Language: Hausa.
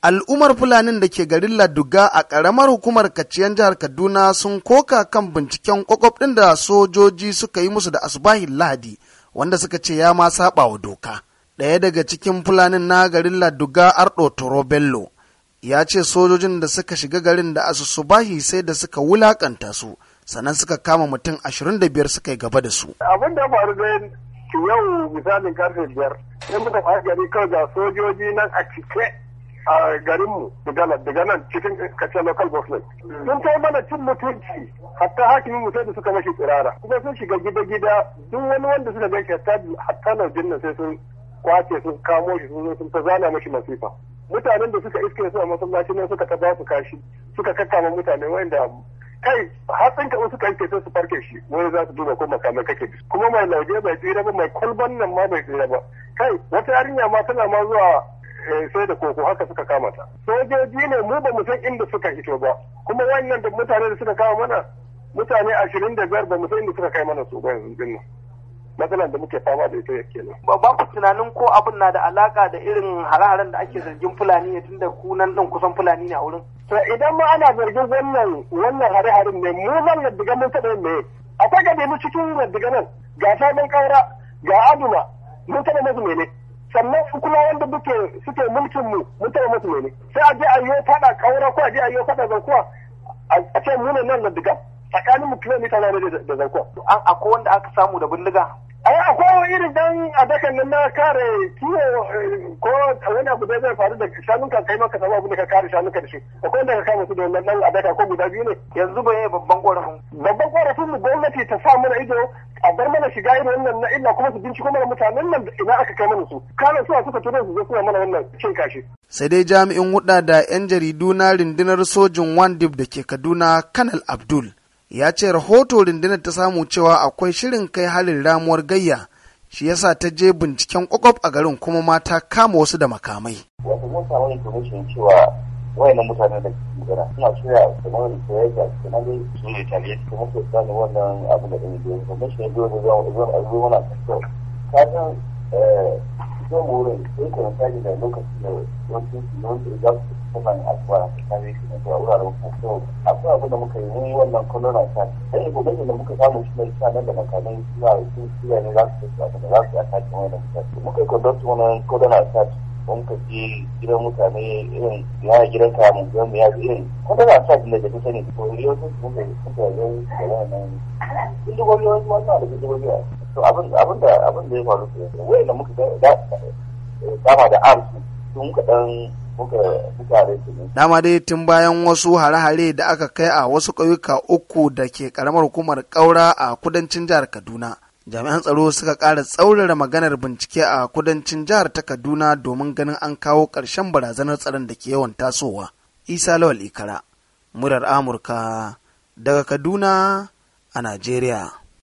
Al'ummar Fulanin da ke garin Laduga a ƙaramar hukumar kaciyan jihar Kaduna sun koka kan binciken kwakwab ɗin da sojoji suka yi musu da asubahin Lahadi, wanda suka ce ya ma saɓa wa doka. Ɗaya daga cikin Fulanin na garin Laduga Ardo Toro Bello ya ce sojojin da suka shiga garin da asusubahi sai da suka wulakanta su, sannan suka kama mutum ashirin da biyar suka yi gaba da su. Abin da faru yau misalin karfe biyar, sai muka a gari kawai ga sojoji nan a cike a garinmu daga nan cikin kacce local government mm. sun kai mana cin mutunci hatta hakimin mutai da suka mashi tsirara kuma sun shiga gida-gida duk wani wanda suka gaishe hatta hatta sai sun kwace sun kamo shi sun sun ta zana mashi masifa mutanen da suka iske su a masallaci nan suka ta su kashi suka kakkama mutane wanda kai hatsin ka suka yanke sai su farke shi wani za su duba ko makamai kake kuma mai lauje mai tsira ba mai kwalban nan ma mai tsira ba kai wata yarinya ma tana ma zuwa sai da koko haka suka kama ta sojoji ne mu ba mu san inda suka hito ba kuma wannan da mutane da suka kama mana mutane ashirin da biyar ba mu san inda suka kai mana su ba yanzu din nan matsalar da muke fama da ita ke ba ba ku tunanin ko abin na da alaka da irin hare-haren da ake zargin fulani ne tunda kunan din kusan fulani ne a wurin to idan ma ana zargin wannan wannan hare-haren ne mu zan raddiga mun taɓa yin meye akwai ga mu cikin raddiga nan ga sabon kaura ga aduma mun taɓa mazu mene sannan su kuma wanda duke suke mulkin mu mutum musu ne sai a je a yi fada kaura ko a je a yi fada zankuwa a ce munan nan da diga tsakanin mu kilomita na da zankuwa akwai wanda aka samu da bindiga Eh, akwai irin dan a dakan nan na kare kiwo eh, ko wani abu da zai faru da shanunka kai maka samu da ka kare shanunka da shi akwai wanda ka kama su da wannan dan a daka ko guda biyu ne yanzu ba yayi babban korafin babban korafin mu gwamnati ta sa mana ido a bar mana shiga irin wannan na illa kuma su binciko mana mutanen nan ina aka kai mana su kana suwa suka tuno su zo suna mana wannan cin kashi sai dai jami'in huda da yan jaridu na rundunar sojin wandib da ke kaduna kanal abdul ya ce rahoto rundunar ta samu cewa akwai shirin kai halin ramuwar gayya shi yasa ta je binciken kwakwaf a garin kuma mata kama wasu da makamai. Wato mun samu information cewa wayannan mutanen da ke suna shirya da su kuma su gane wannan abu da ɗin da ya zuwa zuwa na zan wurin sai ka misali lokacin da wasu saman alkuwa ta kare shi da wuraren kokowa akwai abu da muka yi mun wannan kolona ta dan yi gobe da muka samu shi mai sanar da makamin zuwa su siya ne za su tafi da za su yi a ataki wani da mutane muka yi kondokta wannan kolona ta mun ka je gidan mutane irin ya gidan ka mun ga ya irin kolona ta ne da ta sani ko yau sun mun ga sun ga yau da wannan duk wani wani wannan da duk wani to abin abin da abin da ya faru wai da muka ga da kama da arsu sun ka dan Dama dai tun bayan wasu hare-hare da aka kai a wasu ƙauyuka uku da ke ƙaramar hukumar ƙaura a kudancin jihar Kaduna. Jami'an tsaro suka ƙara tsaurara maganar bincike a kudancin jihar ta Kaduna domin ganin an kawo ƙarshen barazanar tsaron da ke yawan tasowa. Isa Lawal Ikara, murar Amurka daga Kaduna a Najeriya.